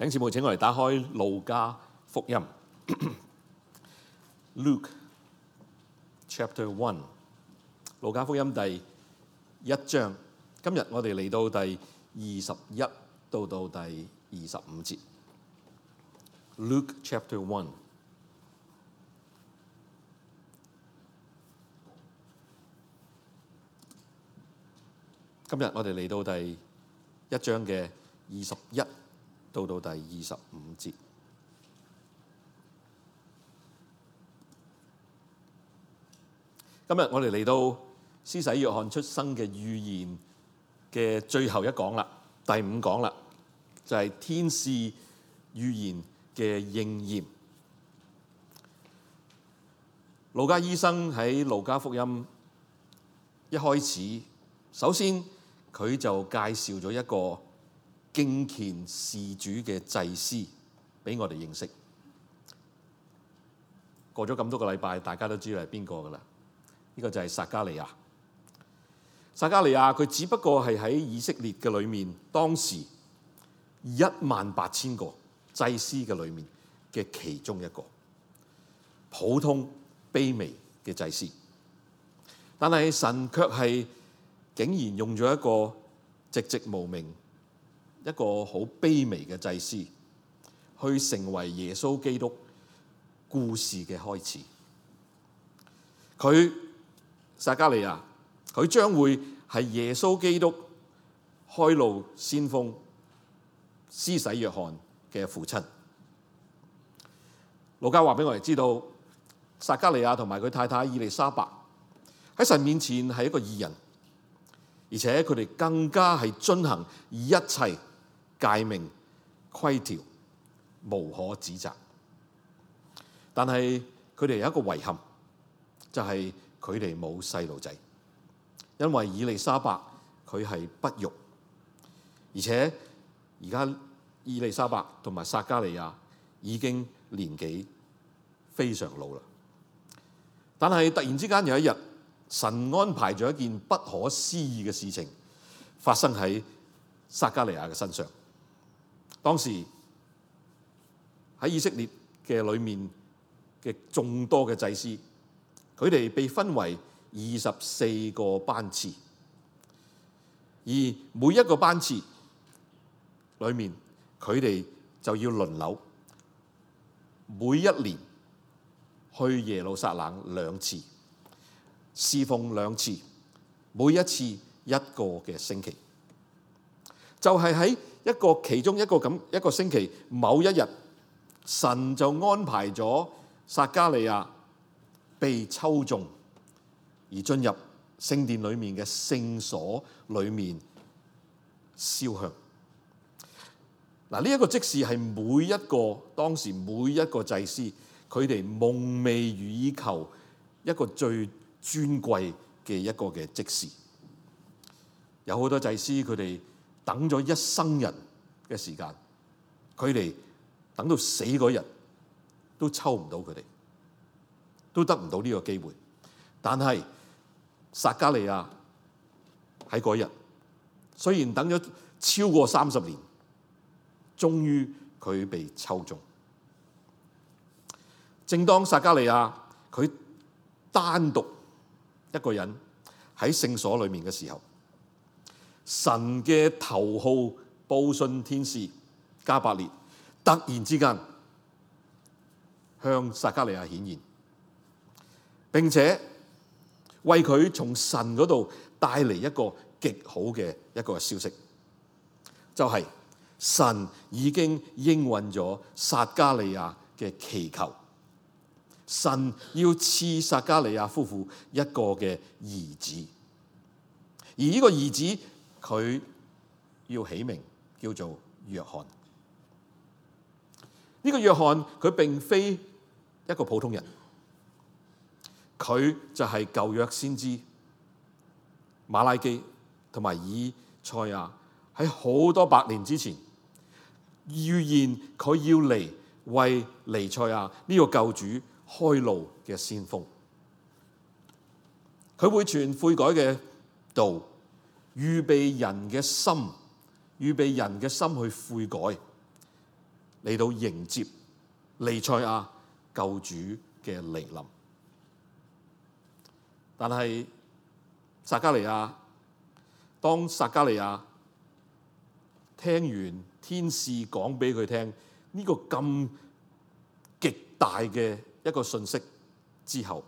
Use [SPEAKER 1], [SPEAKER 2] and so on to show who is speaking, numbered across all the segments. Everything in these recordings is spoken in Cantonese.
[SPEAKER 1] 警視部請我嚟打開《路加福音 》，Luke chapter one，《路加福音》第一章。今日我哋嚟到第二十一到到第二十五節，Luke chapter one。今日我哋嚟到第一章嘅二十一。到到第二十五節，今日我哋嚟到施洗約翰出生嘅預言嘅最後一講啦，第五講啦，就係天使預言嘅應驗。路加醫生喺路加福音一開始，首先佢就介紹咗一個。敬虔事主嘅祭司，俾我哋認識。過咗咁多個禮拜，大家都知道係邊個噶啦？呢、這個就係撒加利亞。撒加利亞佢只不過係喺以色列嘅裏面，當時一萬八千個祭司嘅裏面嘅其中一個普通卑微嘅祭司，但係神卻係竟然用咗一個籍籍無名。一個好卑微嘅祭司，去成為耶穌基督故事嘅開始。佢撒加利亞，佢將會係耶穌基督開路先鋒，施洗約翰嘅父親。路加話俾我哋知道，撒加利亞同埋佢太太伊麗莎白喺神面前係一個義人，而且佢哋更加係遵行一切。誡命規條無可指責，但係佢哋有一個遺憾，就係佢哋冇細路仔，因為以利沙伯佢係不育，而且而家以利沙伯同埋撒加利亞已經年紀非常老啦。但係突然之間有一日，神安排咗一件不可思議嘅事情發生喺撒加利亞嘅身上。當時喺以色列嘅裏面嘅眾多嘅祭司，佢哋被分為二十四個班次，而每一個班次裏面，佢哋就要輪流，每一年去耶路撒冷兩次，侍奉兩次，每一次一個嘅星期，就係喺。一個其中一個咁一個星期某一日，神就安排咗撒加利亞被抽中，而進入聖殿裡面嘅聖所裡面燒香。嗱，呢一個職事係每一個當時每一個祭司佢哋夢寐以求一個最尊貴嘅一個嘅職事。有好多祭司佢哋，等咗一生人嘅時間，佢哋等到死嗰日都抽唔到，佢哋都得唔到呢個機會。但係撒迦利亞喺嗰日，雖然等咗超過三十年，終於佢被抽中。正當撒迦利亞佢單獨一個人喺聖所裡面嘅時候。神嘅頭號報信天使加百列突然之間向撒加利亞顯現，並且為佢從神嗰度帶嚟一個極好嘅一個消息，就係、是、神已經應允咗撒加利亞嘅祈求，神要賜撒加利亞夫婦一個嘅兒子，而呢個兒子。佢要起名叫做約翰。呢、這個約翰佢並非一個普通人，佢就係舊約先知馬拉基同埋以賽亞喺好多百年之前預言佢要嚟為彌賽亞呢個救主開路嘅先鋒，佢會傳悔改嘅道。預備人嘅心，預備人嘅心去悔改，嚟到迎接彌賽亞救主嘅嚟臨。但係撒加利亞，當撒加利亞聽完天使講俾佢聽呢個咁極大嘅一個訊息之後，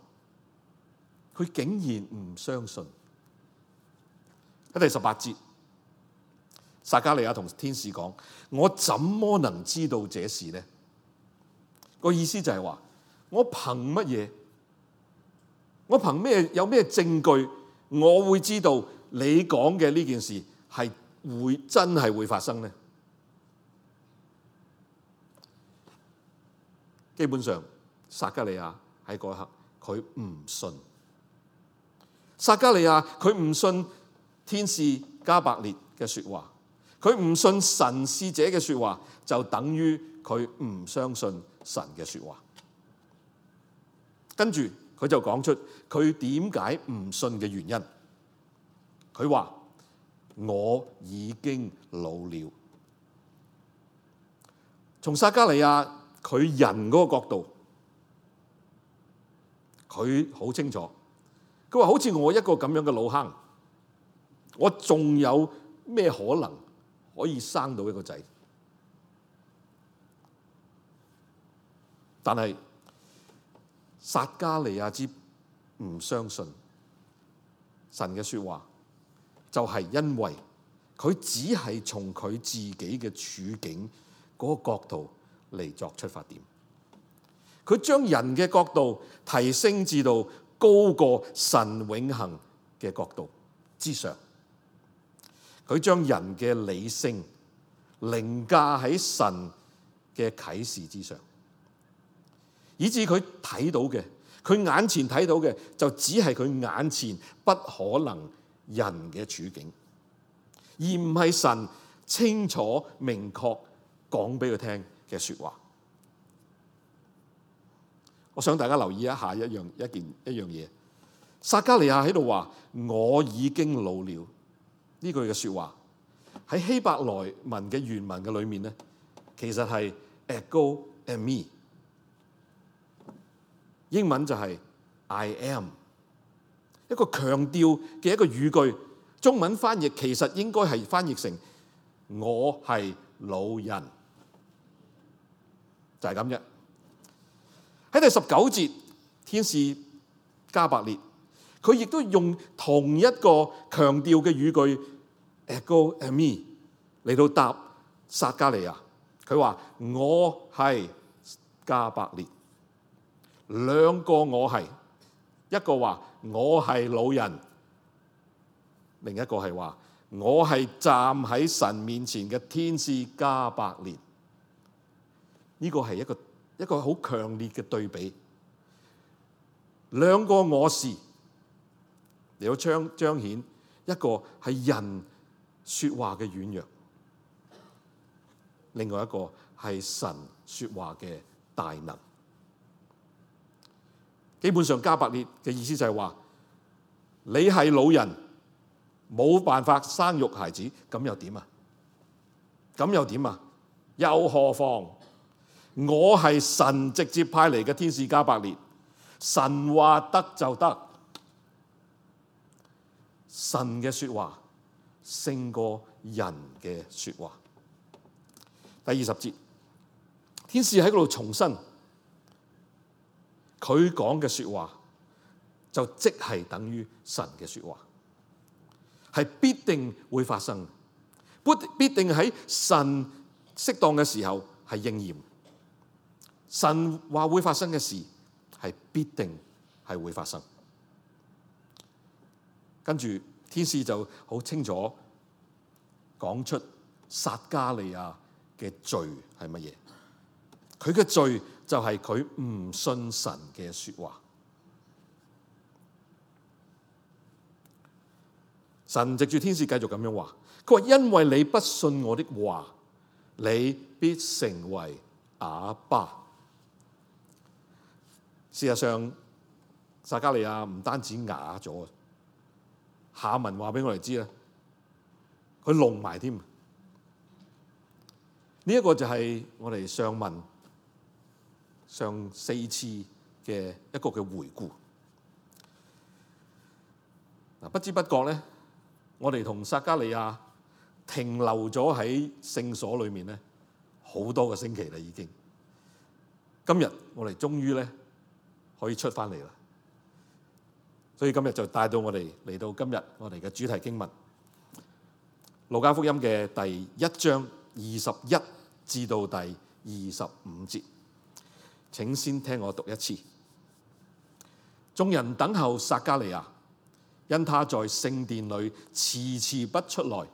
[SPEAKER 1] 佢竟然唔相信。喺第十八節，撒加利亞同天使講：我怎麼能知道這事呢？個意思就係話我憑乜嘢？我憑咩？有咩證據？我會知道你講嘅呢件事係會真係會發生呢？基本上，撒加利亞喺嗰一刻佢唔信，撒加利亞佢唔信。天使加百列嘅說話，佢唔信神使者嘅說話，就等於佢唔相信神嘅說話。跟住佢就講出佢點解唔信嘅原因。佢話我已經老了。從撒加利亞佢人嗰個角度，佢好清楚。佢話好似我一個咁樣嘅老坑。我仲有咩可能可以生到一個仔？但係撒加利亞之唔相信神嘅說話，就係因為佢只係從佢自己嘅處境嗰個角度嚟作出發點，佢將人嘅角度提升至到高過神永恆嘅角度之上。佢將人嘅理性凌駕喺神嘅啟示之上，以至佢睇到嘅，佢眼前睇到嘅就只係佢眼前不可能人嘅處境，而唔係神清楚明確講俾佢聽嘅説話。我想大家留意一下一樣一件一樣嘢，撒加利亞喺度話：我已經老了。呢句嘅説話喺希伯來文嘅原文嘅裏面咧，其實係 ego eimi，英文就係 I am 一個強調嘅一個語句。中文翻譯其實應該係翻譯成我係老人，就係咁樣。喺第十九節，天使加百列佢亦都用同一個強調嘅語句。Ego, Amy，嚟到答撒加利亞，佢話我係加百列，兩個我係，一個話我係老人，另一個係話我係站喺神面前嘅天使加百列，呢個係一個一個好強烈嘅對比，兩個我是，嚟到彰彰顯一個係人。說話嘅軟弱，另外一個係神說話嘅大能。基本上加百列嘅意思就係話，你係老人，冇辦法生育孩子，咁又點啊？咁又點啊？又何妨？我係神直接派嚟嘅天使加百列，神話得就得，神嘅說話。勝過人嘅說話。第二十節，天使喺嗰度重申：「佢講嘅說話就即係等於神嘅說話，係必定會發生，必定喺神適當嘅時候係應驗。神話會發生嘅事，係必定係會發生。」跟住。天使就好清楚講出撒加利亞嘅罪係乜嘢？佢嘅罪就係佢唔信神嘅說話。神藉住天使繼續咁樣話，佢話：因為你不信我的話，你必成為啞巴。事實上，撒加利亞唔單止啞咗。下文話俾我哋知啦，佢聾埋添。呢一個就係我哋上文上四次嘅一個嘅回顧。嗱，不知不覺咧，我哋同撒加利亞停留咗喺聖所裏面咧，好多個星期啦已經。今日我哋終於咧可以出翻嚟啦。所以今日就帶到我哋嚟到今日我哋嘅主題經文《路加福音》嘅第一章二十一至到第二十五節。請先聽我讀一次。眾人等候撒加利亞，因他在聖殿裏遲遲不出來，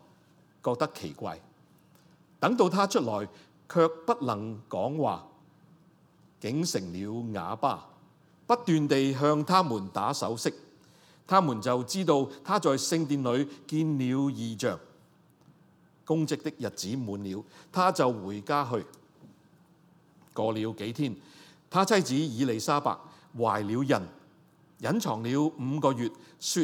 [SPEAKER 1] 覺得奇怪。等到他出來，卻不能講話，竟成了啞巴，不斷地向他們打手勢。他們就知道他在聖殿裏見了異象，供職的日子滿了，他就回家去。過了幾天，他妻子以利沙伯懷了孕，隱藏了五個月，說：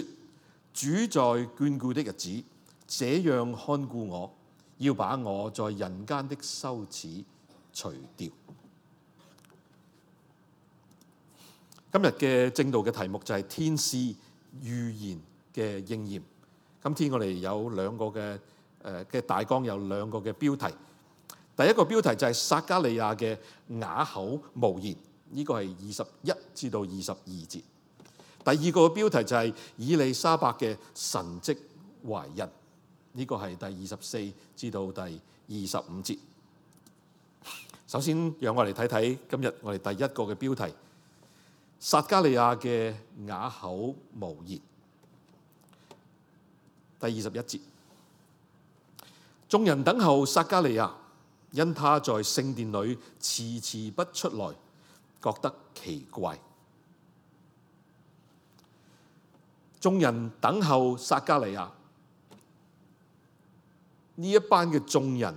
[SPEAKER 1] 主在眷顧的日子，這樣看顧我，要把我在人間的羞恥除掉。今日嘅正道嘅題目就係天使預言嘅應驗，今天我哋有兩個嘅誒嘅大綱，有兩個嘅標題。第一個標題就係撒加利亞嘅啞口無言，呢個係二十一至到二十二節。第二個標題就係以利沙伯嘅神跡懷孕，呢個係第二十四至到第二十五節。首先，讓我哋睇睇今日我哋第一個嘅標題。撒加利亞嘅啞口無言，第二十一節，眾人等候撒加利亞，因他在聖殿裏遲遲不出來，覺得奇怪。眾人等候撒加利亞，呢一班嘅眾人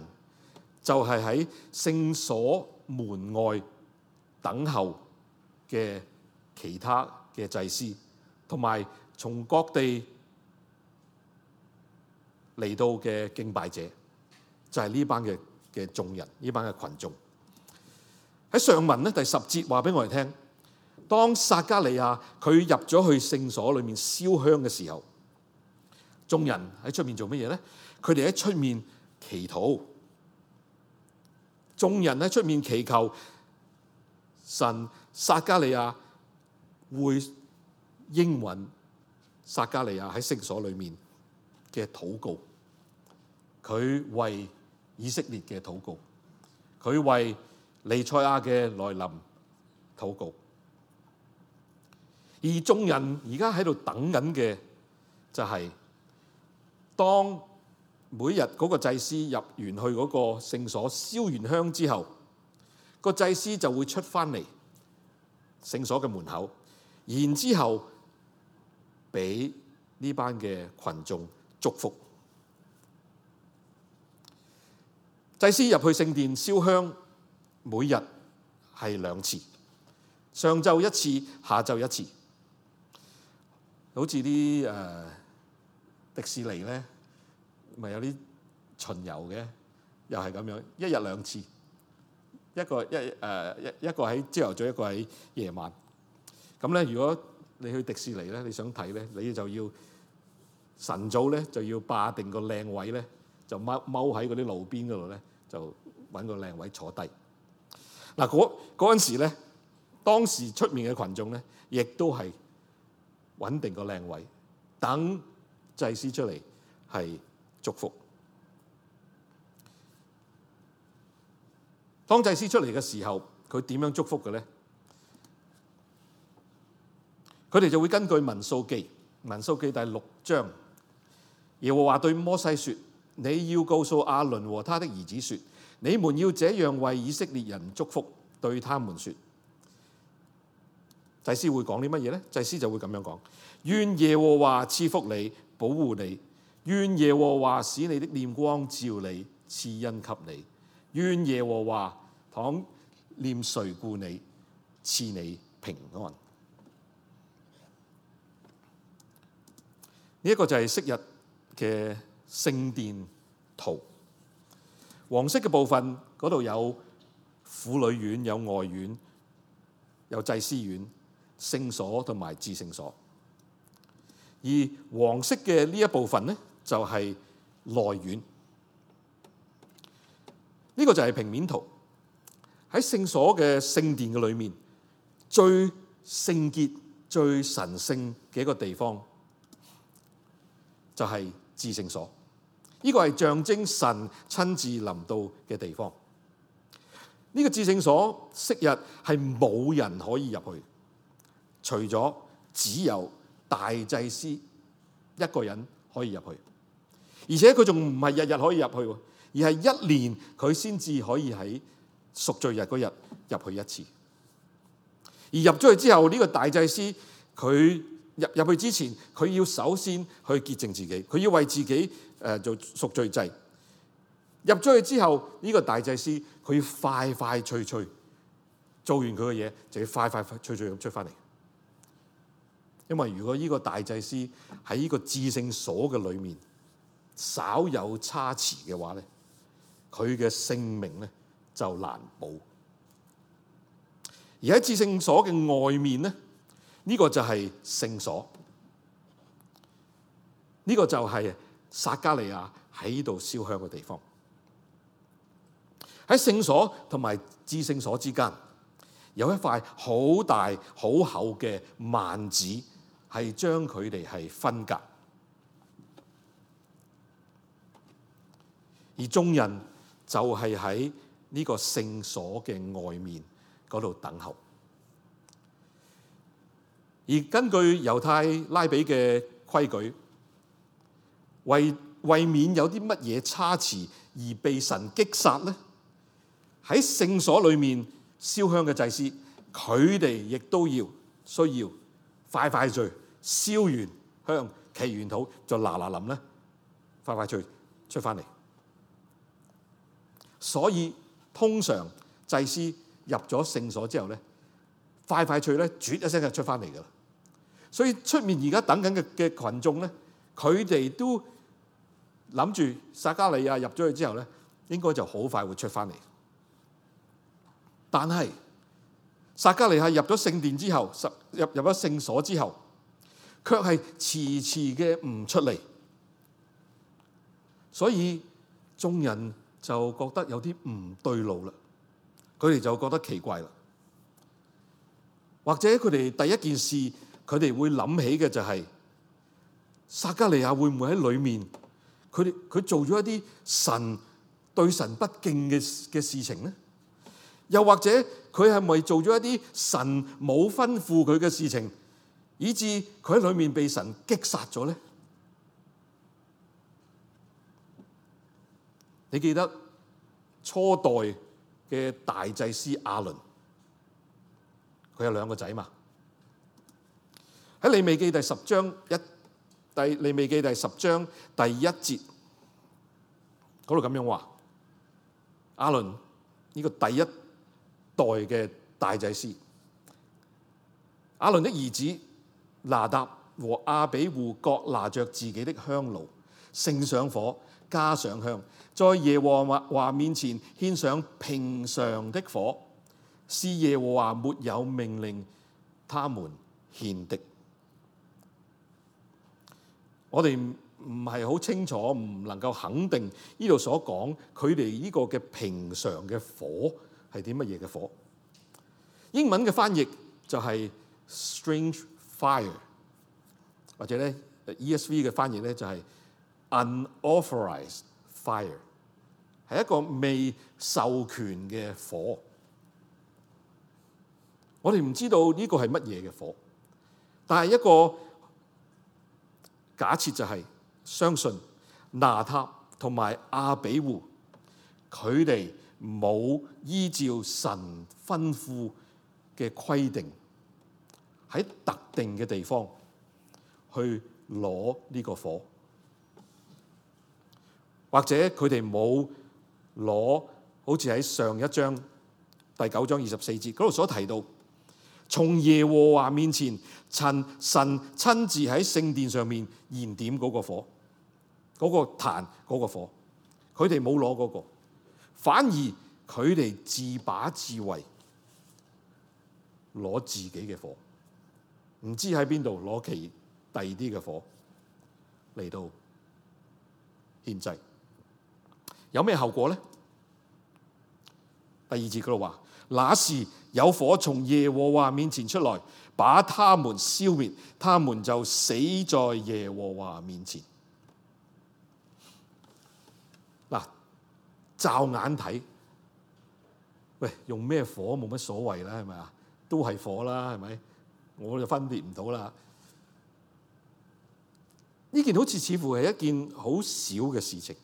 [SPEAKER 1] 就係喺聖所門外等候嘅。其他嘅祭司，同埋從各地嚟到嘅敬拜者，就係、是、呢班嘅嘅眾人，呢班嘅群眾。喺上文咧第十節話俾我哋聽，當撒加利亞佢入咗去聖所裏面燒香嘅時候，眾人喺出面做乜嘢咧？佢哋喺出面祈禱，眾人喺出面祈求神撒加利亞會應允撒加利亞喺聖所裏面嘅禱告，佢為以色列嘅禱告，佢為彌賽亞嘅來臨禱告。而眾人而家喺度等緊嘅就係當每日嗰個祭司入完去嗰個聖所燒完香之後，個祭司就會出翻嚟聖所嘅門口。然之後，俾呢班嘅群眾祝福。祭司入去聖殿燒香，每日係兩次，上晝一次，下晝一次。好似啲誒迪士尼咧，咪有啲巡遊嘅，又係咁樣，一日兩次，一個一誒、呃、一一個喺朝頭早，一個喺夜晚。咁咧，如果你去迪士尼咧，你想睇咧，你就要晨早咧，就要霸定個靚位咧，就踎踎喺嗰啲路邊嗰度咧，就揾個靚位坐低。嗱，嗰嗰陣時咧，當時出面嘅羣眾咧，亦都係揾定個靚位，等祭司出嚟係祝福。當祭司出嚟嘅時候，佢點樣祝福嘅咧？佢哋就會根據民數記，民數記第六章，耶和華對摩西説：你要告訴亞倫和他的兒子説，你們要這樣為以色列人祝福，對他們説。祭司會講啲乜嘢咧？祭司就會咁樣講：願耶和華賜福你，保護你；願耶和華使你的臉光照你，賜恩給你；願耶和華倘念誰顧你，賜你平安。呢一個就係昔日嘅聖殿圖，黃色嘅部分嗰度有婦女院、有外院、有祭司院、聖所同埋至聖所。而黃色嘅呢一部分咧，就係內院。呢個就係平面圖。喺聖所嘅聖殿嘅裏面，最聖潔、最神聖嘅一個地方。就係至聖所，呢個係象徵神親自臨到嘅地方。呢個至聖所昔日係冇人可以入去，除咗只有大祭司一個人可以入去，而且佢仲唔係日日可以入去，而係一年佢先至可以喺贖罪日嗰日入去一次。而入咗去之後，呢個大祭司佢。入入去之前，佢要首先去潔淨自己，佢要為自己誒做贖罪祭。入咗去之後，呢、這個大祭司佢要快快脆脆做完佢嘅嘢，就要快快快脆脆咁出翻嚟。因為如果呢個大祭司喺呢個至聖所嘅裏面稍有差池嘅話咧，佢嘅性命咧就難保。而喺至聖所嘅外面咧。呢個就係聖所，呢、這個就係撒加利亞喺度燒香嘅地方。喺聖所同埋至聖所之間，有一塊好大好厚嘅幔子，係將佢哋係分隔。而眾人就係喺呢個聖所嘅外面嗰度等候。而根據猶太拉比嘅規矩，為為免有啲乜嘢差池而被神擊殺咧，喺聖所裏面燒香嘅祭司，佢哋亦都要需要快快脆燒完香祈完禱就嗱嗱臨咧，快快脆出翻嚟。所以通常祭司入咗聖所之後咧，快快脆咧，啜一聲就出翻嚟噶啦。所以出面而家等緊嘅嘅羣眾咧，佢哋都諗住撒加利亞入咗去之後咧，應該就好快會出翻嚟。但係撒加利亞入咗聖殿之後，入入咗聖所之後，卻係遲遲嘅唔出嚟，所以眾人就覺得有啲唔對路啦。佢哋就覺得奇怪啦，或者佢哋第一件事。佢哋會諗起嘅就係、是、撒加利亞會唔會喺裏面，佢佢做咗一啲神對神不敬嘅嘅事情呢？又或者佢係咪做咗一啲神冇吩咐佢嘅事情，以致佢喺裏面被神擊殺咗呢？你記得初代嘅大祭司亞倫，佢有兩個仔嘛。喺利未記第十章一第利未記第十章第一節嗰度咁樣話：亞倫呢、這個第一代嘅大祭司，亞倫的兒子拿答和亞比戶各拿着自己的香爐，盛上火，加上香，在耶和華華面前獻上平常的火，是耶和華沒有命令他們獻的。我哋唔係好清楚，唔能夠肯定呢度所講佢哋呢個嘅平常嘅火係啲乜嘢嘅火。的火英文嘅翻譯就係 strange fire，或者咧 ESV 嘅翻譯咧就係 unauthorized fire，係一個未授權嘅火。我哋唔知道呢個係乜嘢嘅火，但係一個。假設就係相信拿答同埋亞比戶，佢哋冇依照神吩咐嘅規定，喺特定嘅地方去攞呢個火，或者佢哋冇攞，好似喺上一章第九章二十四節嗰度所提到。從耶和華面前，陳神親自喺聖殿上面燃點嗰個火，嗰、那個壇嗰、那個火，佢哋冇攞嗰個，反而佢哋自把自為，攞自己嘅火，唔知喺邊度攞其第二啲嘅火嚟到獻祭。有咩後果咧？第二節佢話。那時有火從耶和華面前出來，把他們消滅，他們就死在耶和華面前。嗱，驟眼睇，喂，用咩火？冇乜所謂啦，係咪啊？都係火啦，係咪？我就分辨唔到啦。呢件好似似乎係一件好小嘅事情，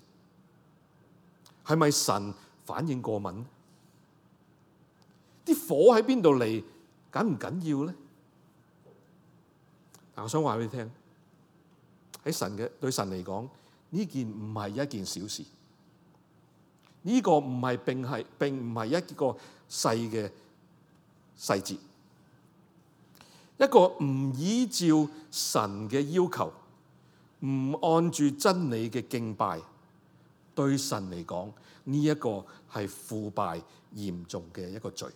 [SPEAKER 1] 係咪神反應過敏？啲火喺邊度嚟緊唔緊要咧？嗱，我想話俾你聽喺神嘅對神嚟講呢件唔係一件小事，呢個唔係並係並唔係一個細嘅細節，一個唔依照神嘅要求，唔按住真理嘅敬拜，對神嚟講呢一個係腐敗嚴重嘅一個罪。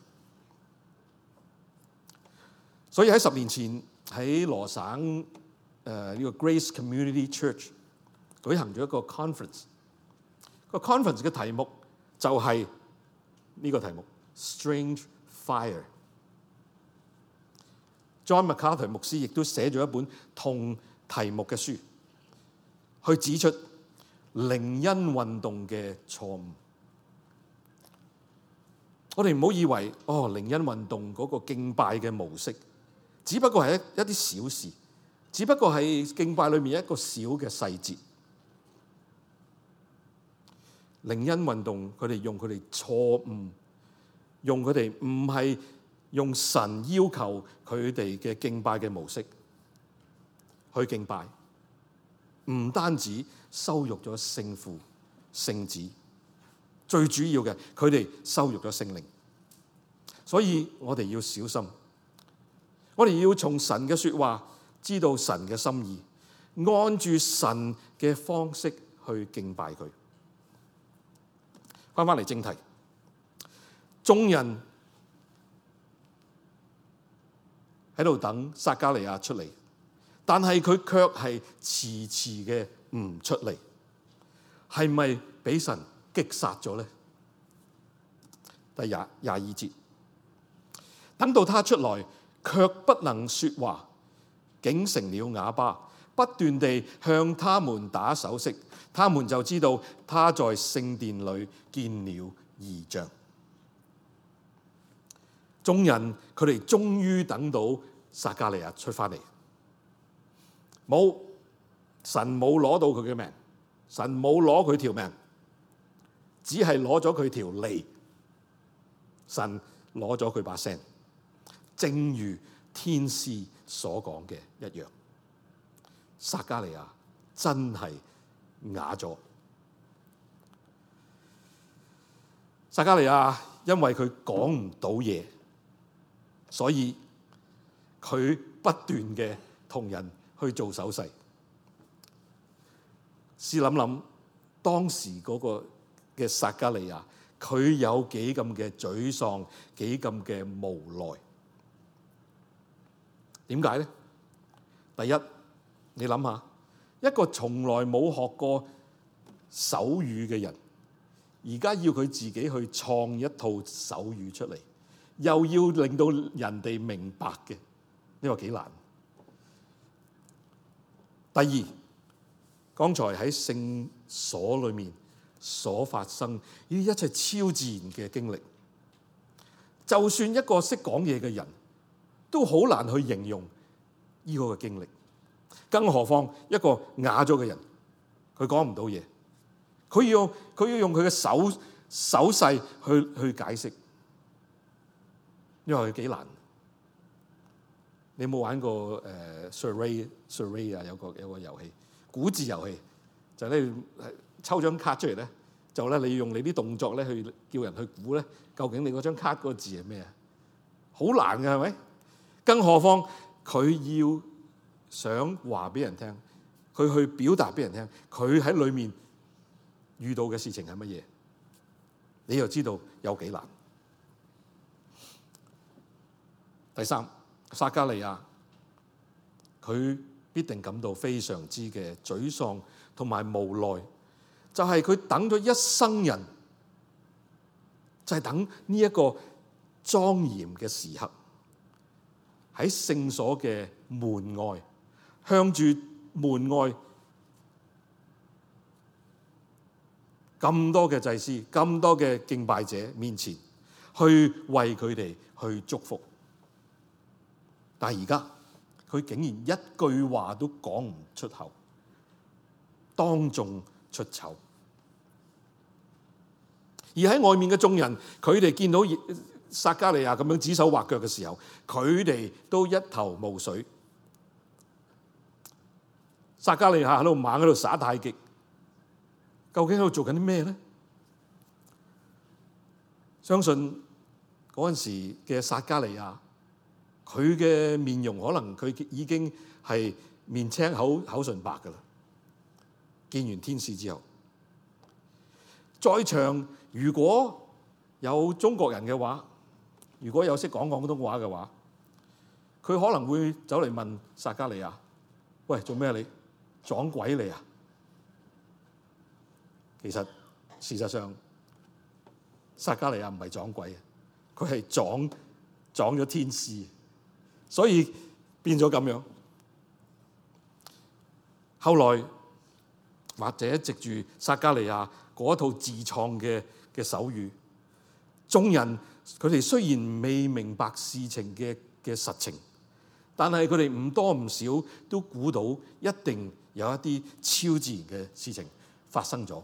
[SPEAKER 1] 所以喺十年前喺羅省誒呢個 Grace Community Church 舉行咗一個 conference，個 conference 嘅題目就係呢個題目 Strange Fire。John MacArthur 牧師亦都寫咗一本同題目嘅書，去指出靈恩運動嘅錯誤。我哋唔好以為哦靈恩運動嗰個敬拜嘅模式，只不過係一一啲小事，只不過係敬拜裏面一個小嘅細節。靈恩運動，佢哋用佢哋錯誤，用佢哋唔係用神要求佢哋嘅敬拜嘅模式去敬拜，唔單止羞辱咗聖父、聖子，最主要嘅，佢哋羞辱咗聖靈，所以我哋要小心。我哋要從神嘅說話知道神嘅心意，按住神嘅方式去敬拜佢。返返嚟正題，眾人喺度等撒迦利亞出嚟，但係佢卻係遲遲嘅唔出嚟，係咪俾神擊殺咗呢？第廿廿二節，等到他出來。卻不能說話，竟成了啞巴，不斷地向他們打手勢，他們就知道他在聖殿裏見了異象。眾人佢哋終於等到撒迦利亞出翻嚟，冇神冇攞到佢嘅命，神冇攞佢條命，只係攞咗佢條脷，神攞咗佢把聲。正如天使所講嘅一樣，撒加利亞真係啞咗。撒加利亞因為佢講唔到嘢，所以佢不斷嘅同人去做手勢。試諗諗當時嗰個嘅撒加利亞，佢有幾咁嘅沮喪，幾咁嘅無奈。點解咧？第一，你諗下一個從來冇學過手語嘅人，而家要佢自己去創一套手語出嚟，又要令到人哋明白嘅，呢個幾難？第二，剛才喺聖所裏面所發生呢一切超自然嘅經歷，就算一個識講嘢嘅人，都好難去形容呢個嘅經歷，更何況一個啞咗嘅人，佢講唔到嘢，佢用佢要用佢嘅手手勢去去解釋，因為佢幾難。你有冇玩過誒、呃、Surrey Surrey 啊？有個有個遊戲，估字遊戲就咧、是、抽張卡出嚟咧，就咧你用你啲動作咧去叫人去估咧，究竟你嗰張卡嗰個字係咩啊？好難㗎係咪？更何況佢要想話俾人聽，佢去表達俾人聽，佢喺裏面遇到嘅事情係乜嘢？你又知道有幾難？第三，撒加利亞，佢必定感到非常之嘅沮喪同埋無奈，就係佢等咗一生人，就係等呢一個莊嚴嘅時刻。喺聖所嘅門外，向住門外咁多嘅祭司、咁多嘅敬拜者面前，去為佢哋去祝福。但係而家佢竟然一句話都講唔出口，當眾出醜。而喺外面嘅眾人，佢哋見到。撒加利亞咁樣指手畫腳嘅時候，佢哋都一頭霧水。撒加利亞喺度猛喺度耍太極，究竟喺度做緊啲咩咧？相信嗰陣時嘅撒加利亞，佢嘅面容可能佢已經係面青口口唇白噶啦。見完天使之後，在場如果有中國人嘅話，如果有識講廣東話嘅話，佢可能會走嚟問撒迦利亞：「喂，做咩你撞鬼嚟啊？其實事實上，撒迦利亞唔係撞鬼嘅，佢係撞撞咗天使，所以變咗咁樣。後來或者藉住撒迦利亞嗰套自創嘅嘅手語，眾人。佢哋雖然未明白事情嘅嘅實情，但係佢哋唔多唔少都估到一定有一啲超自然嘅事情發生咗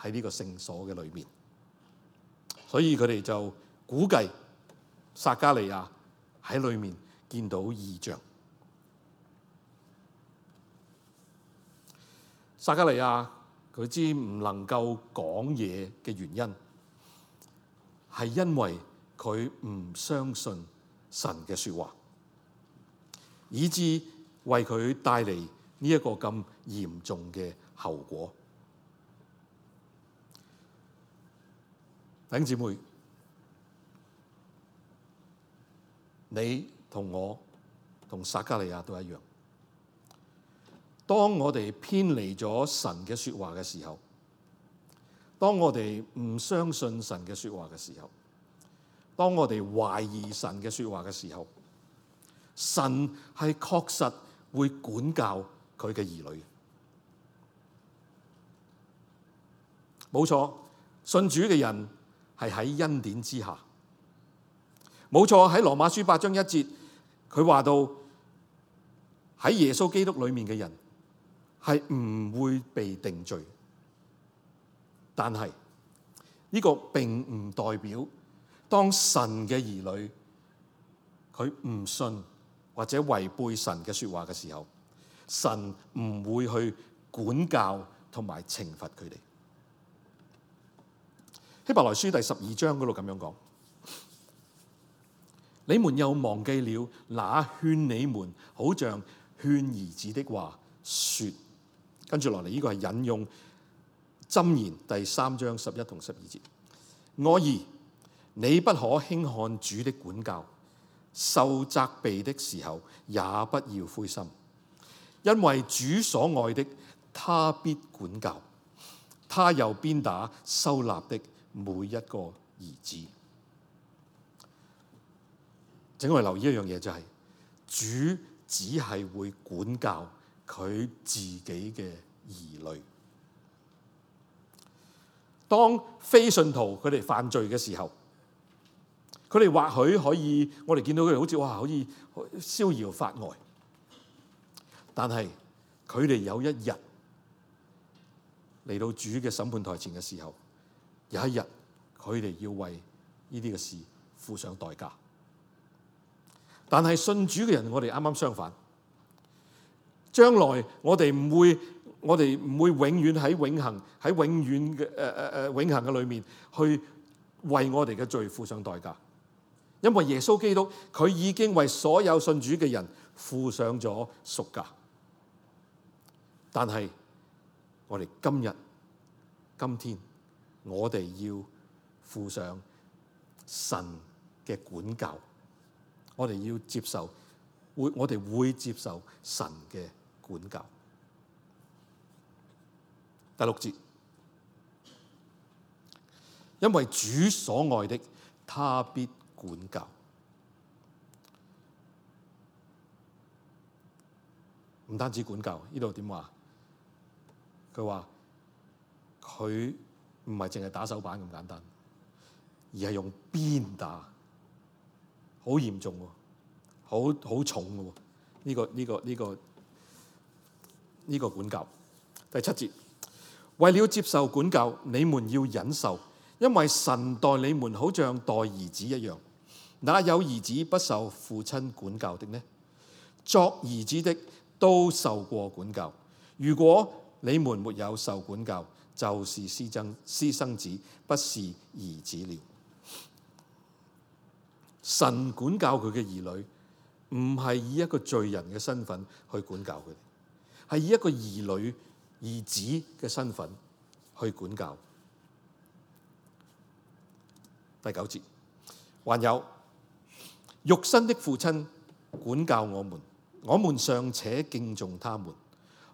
[SPEAKER 1] 喺呢個聖所嘅裏面，所以佢哋就估計撒迦利亞喺裏面見到異象。撒迦利亞佢知唔能夠講嘢嘅原因係因為。佢唔相信神嘅説話，以致為佢帶嚟呢一個咁嚴重嘅後果。弟兄姊妹，你同我同撒加利亞都一樣。當我哋偏離咗神嘅説話嘅時候，當我哋唔相信神嘅説話嘅時候。當我哋懷疑神嘅説話嘅時候，神係確實會管教佢嘅兒女，冇錯。信主嘅人係喺恩典之下，冇錯。喺羅馬書八章一節，佢話到喺耶穌基督裏面嘅人係唔會被定罪，但係呢個並唔代表。當神嘅兒女佢唔信或者違背神嘅說話嘅時候，神唔會去管教同埋懲罰佢哋。希伯來書第十二章嗰度咁樣講：你們又忘記了那勸你們好像勸兒子的話，說，跟住落嚟，呢個係引用箴言第三章十一同十二節，我兒。你不可輕看主的管教，受責備的時候也不要灰心，因為主所愛的，他必管教，他又鞭打收納的每一個兒子。請各位留意一樣嘢就係、是、主只係會管教佢自己嘅兒女，當非信徒佢哋犯罪嘅時候。佢哋或許可以，我哋見到佢哋好似哇，可以逍遙法外，但係佢哋有一日嚟到主嘅審判台前嘅時候，有一日佢哋要為呢啲嘅事付上代價。但係信主嘅人，我哋啱啱相反，將來我哋唔會，我哋唔會永遠喺永恆喺永遠嘅誒誒誒永恆嘅裏面去為我哋嘅罪付上代價。因為耶穌基督佢已經為所有信主嘅人付上咗贖價。但係我哋今日，今天，我哋要付上神嘅管教，我哋要接受，會我哋會接受神嘅管教。第六節，因為主所愛的，他必管教唔單止管教，呢度點話？佢話佢唔係淨係打手板咁簡單，而係用鞭打，好嚴重，好好重嘅。呢個呢個呢個呢個管教。第七節，為了接受管教，你們要忍受，因為神待你們好像待兒子一樣。哪有兒子不受父親管教的呢？作兒子的都受過管教。如果你們沒有受管教，就是私生子，不是兒子了。神管教佢嘅兒女，唔係以一個罪人嘅身份去管教佢哋，係以一個兒女、兒子嘅身份去管教。第九節，還有。肉身的父親管教我們，我們尚且敬重他們，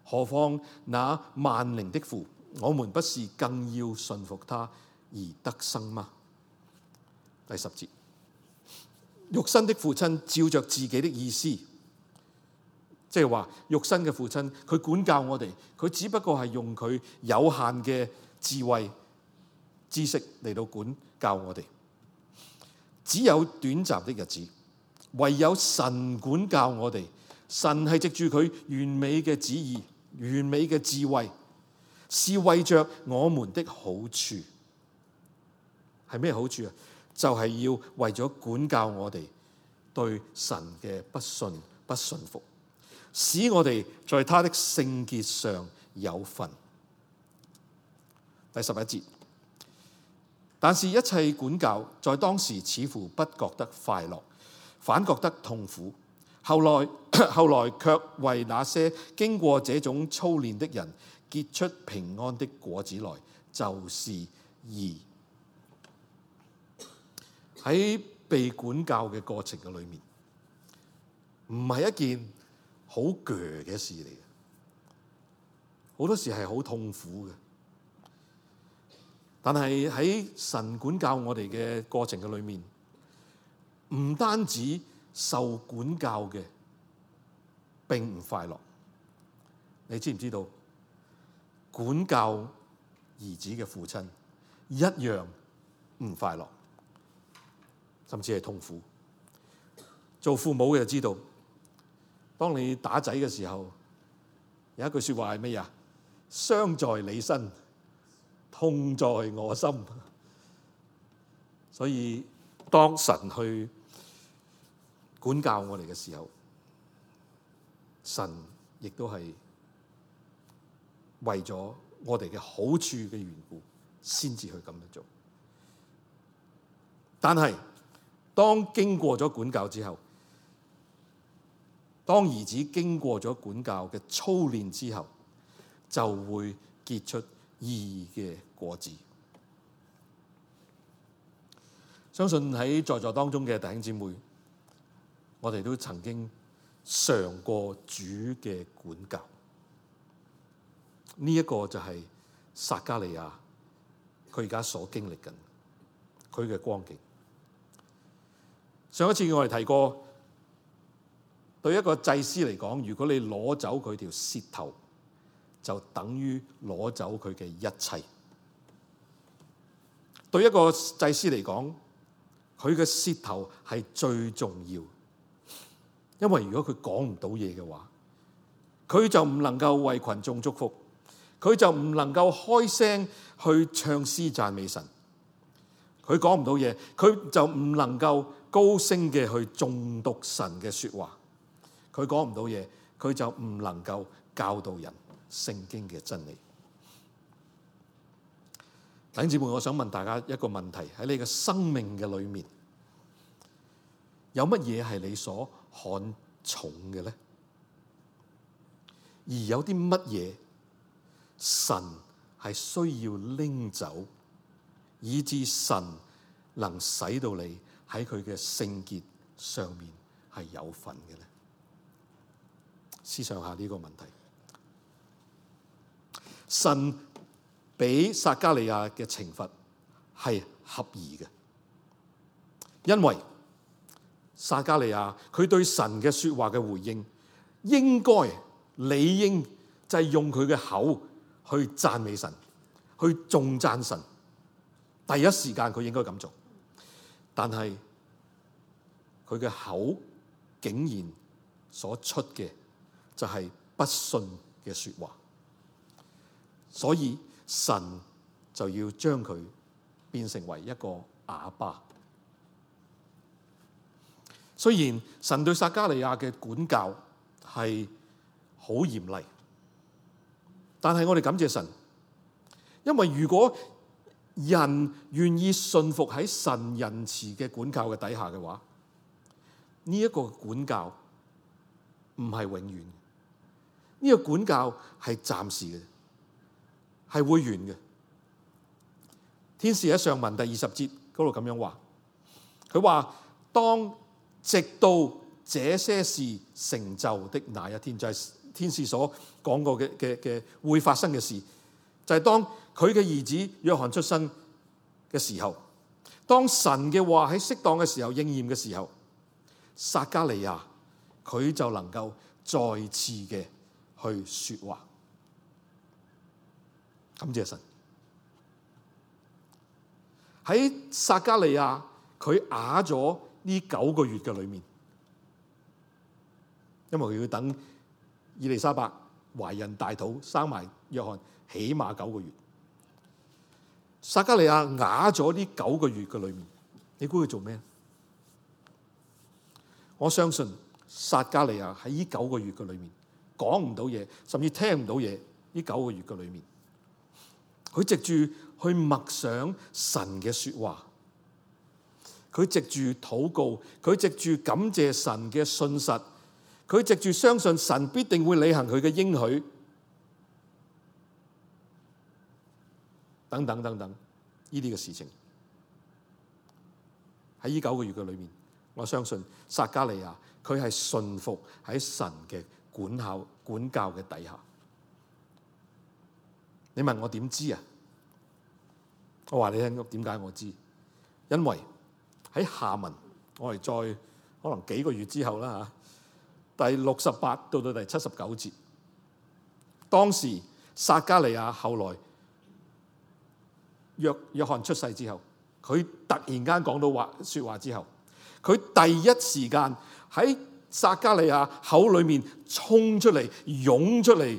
[SPEAKER 1] 何況那萬靈的父？我們不是更要順服他而得生嗎？第十節，肉身的父親照着自己的意思，即係話肉身嘅父親，佢管教我哋，佢只不過係用佢有限嘅智慧知識嚟到管教我哋，只有短暫的日子。唯有神管教我哋，神係藉住佢完美嘅旨意、完美嘅智慧，是為着我們的好處。係咩好處啊？就係、是、要為咗管教我哋對神嘅不信、不順服，使我哋在他的聖潔上有份。第十一節，但是一切管教在當時似乎不覺得快樂，反覺得痛苦，後來後來卻為那些經過這種操練的人結出平安的果子來，就是義。喺被管教嘅過程嘅裏面，唔係一件好鋸嘅事嚟，好多時係好痛苦嘅，但係喺神管教我哋嘅過程嘅裏面。唔單止受管教嘅，並唔快樂。你知唔知道？管教兒子嘅父親一樣唔快樂，甚至係痛苦。做父母嘅就知道，當你打仔嘅時候，有一句說話係咩嘢？傷在你身，痛在我心。所以當神去。管教我哋嘅時候，神亦都係為咗我哋嘅好處嘅緣故，先至去咁樣做。但係當經過咗管教之後，當兒子經過咗管教嘅操練之後，就會結出義嘅果子。相信喺在，在座當中嘅弟兄姊妹，我哋都曾經嘗過主嘅管教，呢、這、一個就係撒加利亞，佢而家所經歷緊佢嘅光景。上一次我哋提過，對一個祭司嚟講，如果你攞走佢條舌頭，就等於攞走佢嘅一切。對一個祭司嚟講，佢嘅舌頭係最重要。因為如果佢講唔到嘢嘅話，佢就唔能夠為群眾祝福，佢就唔能夠開聲去唱詩讚美神，佢講唔到嘢，佢就唔能夠高聲嘅去誦讀神嘅說話，佢講唔到嘢，佢就唔能夠教導人聖經嘅真理。弟兄姊妹，我想問大家一個問題：喺你嘅生命嘅裏面，有乜嘢係你所看重嘅呢，而有啲乜嘢神係需要拎走，以致神能使到你喺佢嘅聖潔上面係有份嘅呢？思想下呢個問題。神俾撒加利亞嘅懲罰係合宜嘅，因為。撒加利亞佢對神嘅說話嘅回應，應該理應就係用佢嘅口去讚美神，去重讚神。第一時間佢應該咁做，但係佢嘅口竟然所出嘅就係不信嘅說話，所以神就要將佢變成為一個啞巴。雖然神對撒迦利亞嘅管教係好嚴厲，但係我哋感謝神，因為如果人願意信服喺神仁慈嘅管教嘅底下嘅話，呢、這、一個管教唔係永遠，呢、這個管教係暫時嘅，係會完嘅。天使喺上文第二十節嗰度咁樣話，佢話當，直到這些事成就的那一天，就係、是、天使所講過嘅嘅嘅會發生嘅事，就係、是、當佢嘅兒子約翰出生嘅時候，當神嘅話喺適當嘅時候應驗嘅時候，撒加利亞佢就能夠再次嘅去説話。感謝神喺撒加利亞佢啞咗。呢九個月嘅裏面，因為佢要等伊麗莎白懷孕大肚生埋約翰，起碼九個月。撒加利亞啞咗呢九個月嘅裏面，你估佢做咩？我相信撒加利亞喺呢九個月嘅裏面講唔到嘢，甚至聽唔到嘢。呢九個月嘅裏面，佢藉住去默想神嘅説話。佢藉住禱告，佢藉住感謝神嘅信實，佢藉住相信神必定會履行佢嘅應許，等等等等，呢啲嘅事情喺呢九個月裏面，我相信撒迦利亞佢係信服喺神嘅管，管教管教嘅底下。你問我點知啊？我話你喺屋點解我知道？因為。喺下文，我哋再可能幾個月之後啦吓，第六十八到到第七十九節，當時撒加利亞後來約約翰出世之後，佢突然間講到話説話之後，佢第一時間喺撒加利亞口裏面衝出嚟、湧出嚟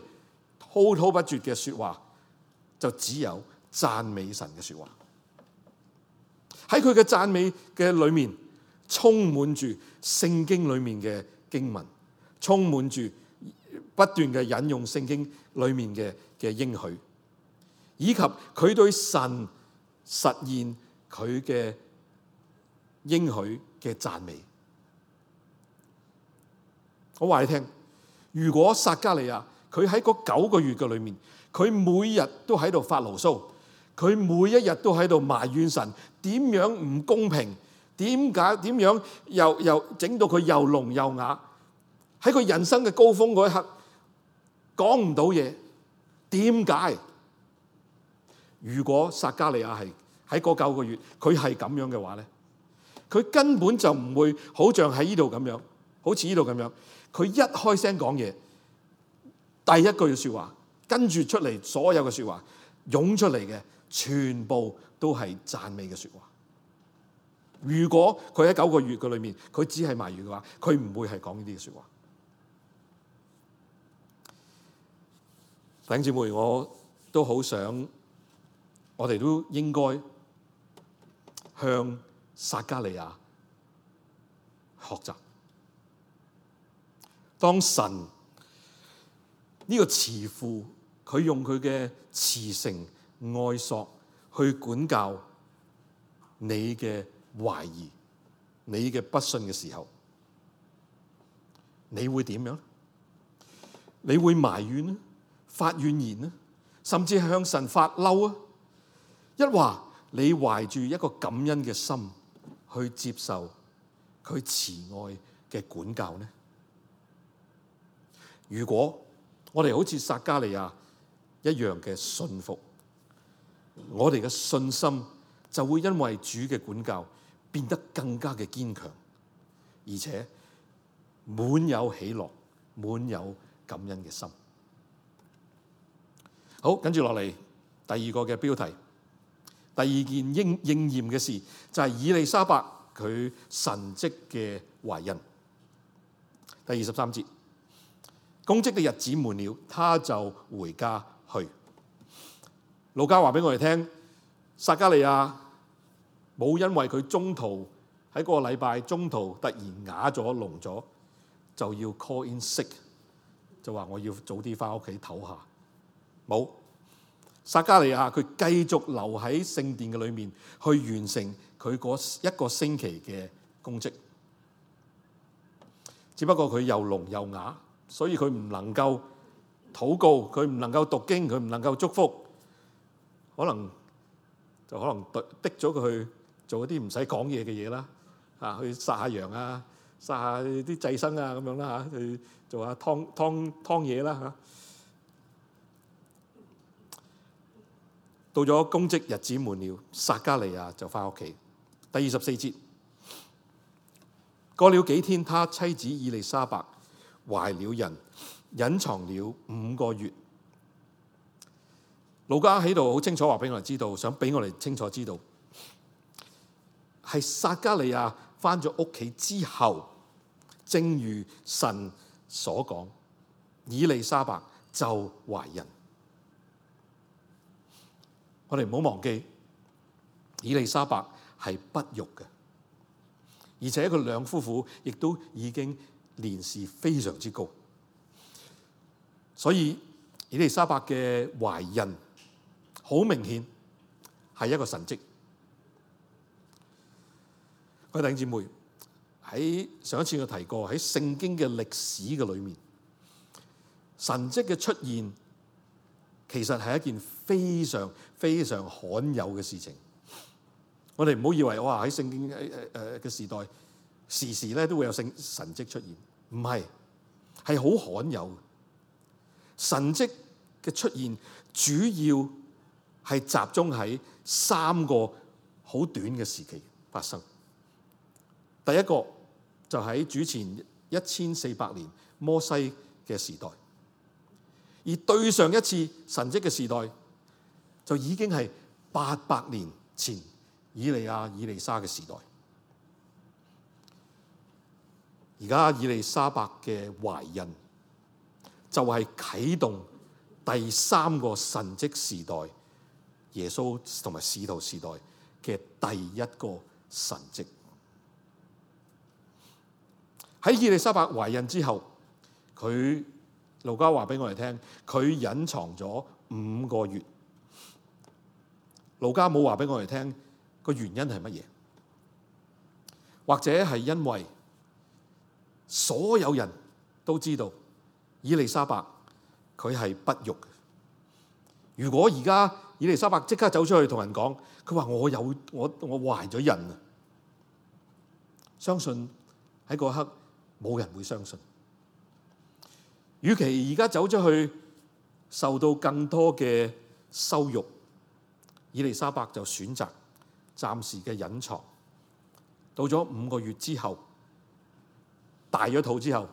[SPEAKER 1] 滔滔不絕嘅説話，就只有讚美神嘅説話。喺佢嘅讚美嘅裏面，充滿住聖經裏面嘅經文，充滿住不斷嘅引用聖經裏面嘅嘅應許，以及佢對神實現佢嘅應許嘅讚美。我話你聽，如果撒加利亞佢喺嗰九個月嘅裏面，佢每日都喺度發牢騷。佢每一日都喺度埋怨神，點樣唔公平？點解？點樣又又整到佢又聾又啞，喺佢人生嘅高峰嗰一刻，講唔到嘢。點解？如果撒迦利亞係喺嗰九個月，佢係咁樣嘅話咧，佢根本就唔會好似喺呢度咁樣好似呢度咁樣，佢一開聲講嘢，第一句嘅說話跟住出嚟，所有嘅說話湧出嚟嘅。全部都係讚美嘅說話。如果佢喺九個月嘅裏面，佢只係埋怨嘅話，佢唔會係講呢啲嘅說話。弟兄姊妹，我都好想，我哋都應該向撒加利亞學習。當神呢、這個慈父，佢用佢嘅慈城。愛索去管教你嘅懷疑、你嘅不信嘅時候，你會點樣？你會埋怨呢？發怨言甚至向神發嬲啊？一話你懷住一個感恩嘅心去接受佢慈愛嘅管教呢？如果我哋好似撒迦利亞一樣嘅信服？我哋嘅信心就會因為主嘅管教變得更加嘅堅強，而且滿有喜樂，滿有感恩嘅心。好，跟住落嚟第二個嘅標題，第二件應應驗嘅事就係、是，以利沙伯佢神蹟嘅懷孕。第二十三節，供職嘅日子滿了，他就回家。路加話俾我哋聽，撒加利亞冇因為佢中途喺嗰個禮拜中途突然啞咗、聾咗，就要 call in sick，就話我要早啲返屋企唞下。冇撒加利亞，佢繼續留喺聖殿嘅裏面去完成佢嗰一個星期嘅功績。只不過佢又聾又啞，所以佢唔能夠禱告，佢唔能夠讀經，佢唔能夠祝福。可能就可能逼咗佢去做一啲唔使講嘢嘅嘢啦，嚇去殺下羊啊，殺下啲祭牲啊咁樣啦嚇，去做下劏劏劏嘢啦嚇。到咗公職日子滿了，撒迦利亞就翻屋企。第二十四節過了幾天，他妻子以利沙伯懷了孕，隱藏了五個月。路加喺度好清楚話俾我哋知道，想俾我哋清楚知道，係撒加利亞返咗屋企之後，正如神所講，以利沙伯就懷孕。我哋唔好忘記，以利沙伯係不育嘅，而且佢兩夫婦亦都已經年事非常之高，所以以利沙伯嘅懷孕。好明顯係一個神蹟。我哋弟兄姊妹，喺上一次我提過，喺聖經嘅歷史嘅裏面，神蹟嘅出現其實係一件非常非常罕有嘅事情。我哋唔好以為哇，喺聖經嘅嘅嘅時代時時咧，都會有聖神蹟出現，唔係，係好罕有嘅。神蹟嘅出現主要，係集中喺三個好短嘅時期發生。第一個就喺主前一千四百年摩西嘅時代，而對上一次神跡嘅時代，就已經係八百年前以利亞、以利沙嘅時代。而家以利沙伯嘅懷孕，就係啟動第三個神跡時代。耶穌同埋使徒時代嘅第一個神跡，喺伊利莎白懷孕之後，佢路加話俾我哋聽，佢隱藏咗五個月。路加冇話俾我哋聽個原因係乜嘢？或者係因為所有人都知道伊利莎白佢係不育嘅。如果而家以利沙伯即刻走出去同人講，佢話，我有我我懷咗孕啊！相信喺嗰刻冇人會相信。與其而家走出去受到更多嘅羞辱，以利沙伯就選擇暫時嘅隱藏。到咗五個月之後大咗肚之後，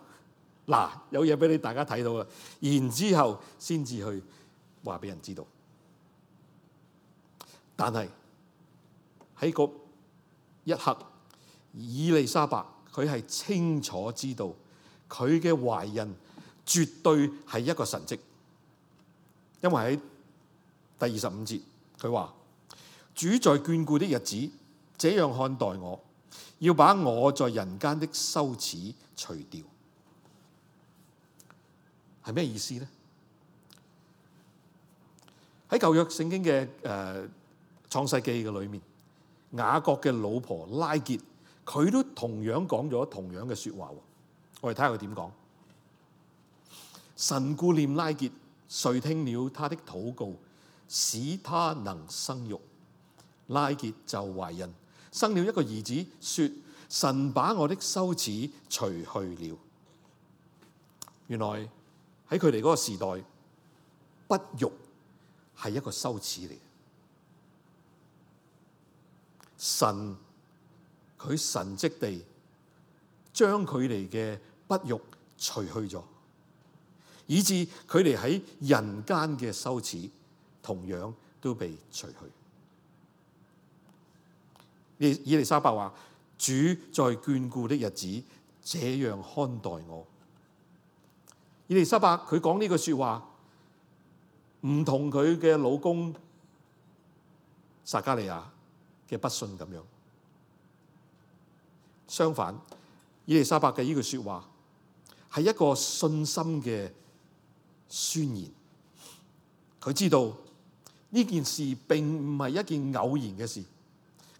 [SPEAKER 1] 嗱，有嘢俾你大家睇到啦。然之後先至去話俾人知道。但係喺嗰一刻，以利沙伯佢係清楚知道佢嘅懷孕絕對係一個神跡，因為喺第二十五節佢話主在眷顧的日子，這樣看待我，要把我在人間的羞恥除掉，係咩意思呢？喺舊約聖經嘅誒。呃創世紀嘅裏面，雅各嘅老婆拉結，佢都同樣講咗同樣嘅說話。我哋睇下佢點講。神顧念拉結，垂聽了他的禱告，使他能生育。拉結就懷孕，生了一個兒子，說：神把我的羞恥除去了。原來喺佢哋嗰個時代，不育係一個羞恥嚟。神佢神蹟地將佢哋嘅不育除去咗，以致佢哋喺人間嘅羞恥同樣都被除去。以以利沙伯話：主在眷顧的日子，這樣看待我。以利沙伯，佢講呢句說話，唔同佢嘅老公撒加利亞。嘅不信咁樣，相反，伊麗莎白嘅呢句說話係一個信心嘅宣言。佢知道呢件事並唔係一件偶然嘅事，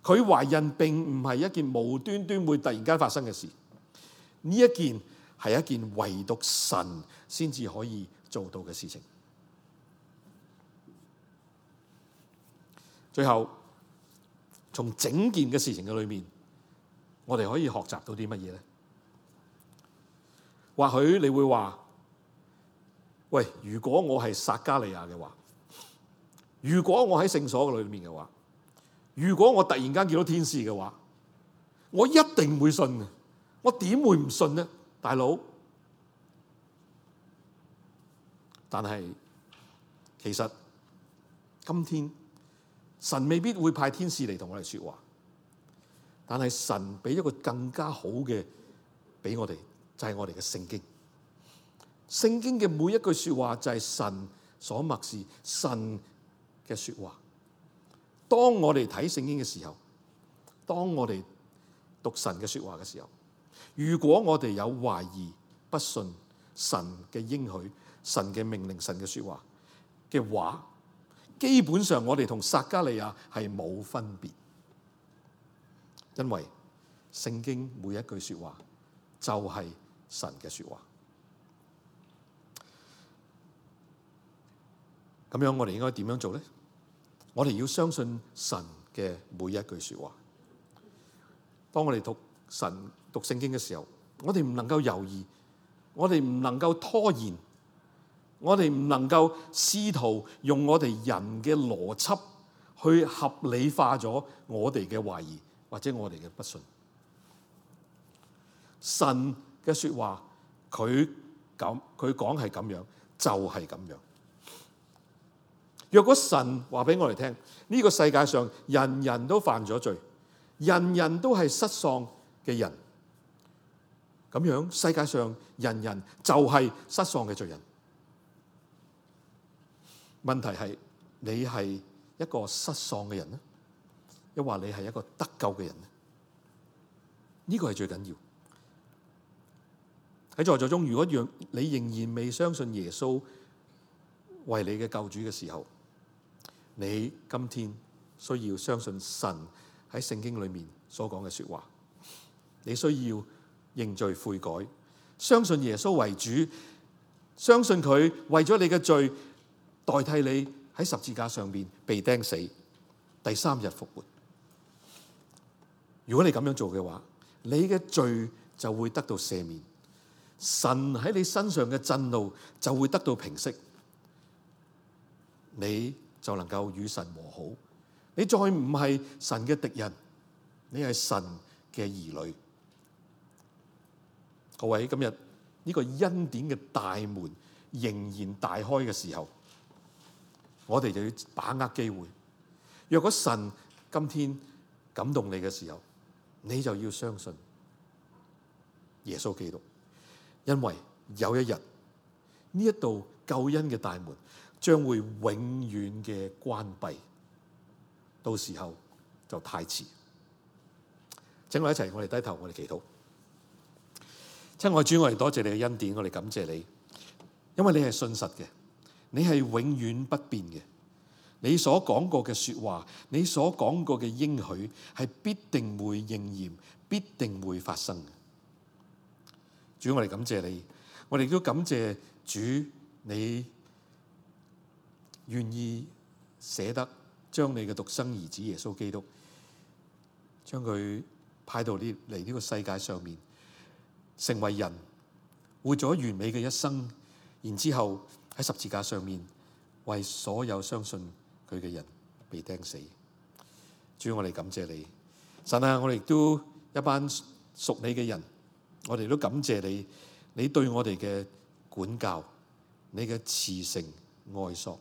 [SPEAKER 1] 佢懷孕並唔係一件無端端會突然間發生嘅事。呢一件係一件唯獨神先至可以做到嘅事情。最後。從整件嘅事情嘅裏面，我哋可以學習到啲乜嘢咧？或許你會話：「喂，如果我係撒加利亞嘅話，如果我喺聖所嘅裏面嘅話，如果我突然間見到天使嘅話，我一定會信嘅。我點會唔信咧，大佬？」但係其實今天。神未必會派天使嚟同我哋說話，但係神俾一個更加好嘅俾我哋，就係我哋嘅聖經。聖經嘅每一句說話就係神所默示神嘅說話。當我哋睇聖經嘅時候，當我哋讀神嘅說話嘅時候，如果我哋有懷疑、不信神嘅應許、神嘅命令、神嘅說話嘅話，基本上我哋同撒加利亞係冇分別，因為聖經每一句說話就係神嘅說話。咁樣我哋應該點樣做呢？我哋要相信神嘅每一句說話。當我哋讀神讀聖經嘅時候，我哋唔能夠猶豫，我哋唔能夠拖延。我哋唔能夠試圖用我哋人嘅邏輯去合理化咗我哋嘅懷疑或者我哋嘅不信。神嘅說話，佢咁佢講係咁樣，就係咁樣。若果神話俾我哋聽，呢個世界上人人都犯咗罪，人人都係失喪嘅人，咁樣世界上人人就係失喪嘅罪人。問題係你係一個失喪嘅人咧，又話你係一個得救嘅人咧？呢、這個係最緊要喺在座中。如果你仍然未相信耶穌為你嘅救主嘅時候，你今天需要相信神喺聖經裏面所講嘅說話，你需要認罪悔改，相信耶穌為主，相信佢為咗你嘅罪。代替你喺十字架上邊被釘死，第三日復活。如果你咁樣做嘅話，你嘅罪就會得到赦免，神喺你身上嘅震怒就會得到平息，你就能夠與神和好。你再唔係神嘅敵人，你係神嘅兒女。各位，今日呢個恩典嘅大門仍然大開嘅時候。我哋就要把握機會。若果神今天感動你嘅時候，你就要相信耶穌基督，因為有一日呢一道救恩嘅大門將會永遠嘅關閉，到時候就太遲。請我一齊，我哋低頭我，我哋祈禱。親愛主，我哋多謝你嘅恩典，我哋感謝你，因為你係信實嘅。你係永遠不變嘅，你所講過嘅說話，你所講過嘅應許，係必定會應驗，必定會發生嘅。主，我哋感謝你，我哋都感謝主，你願意捨得將你嘅獨生兒子耶穌基督，將佢派到呢嚟呢個世界上面，成為人，活咗完美嘅一生，然之後。喺十字架上面，為所有相信佢嘅人被釘死。主，要我哋感謝你，神啊！我哋亦都一班屬你嘅人，我哋都感謝你，你對我哋嘅管教，你嘅慈繩愛索。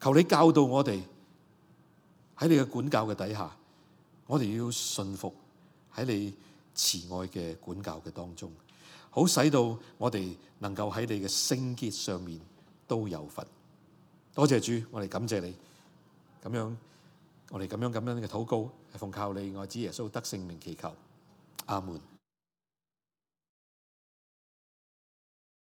[SPEAKER 1] 求你教導我哋喺你嘅管教嘅底下，我哋要信服喺你慈愛嘅管教嘅當中。好使到我哋能夠喺你嘅聖潔上面都有份，多謝主，我哋感謝你，咁樣我哋咁樣咁樣嘅禱告，奉靠你，愛子耶穌得聖名祈求，阿門。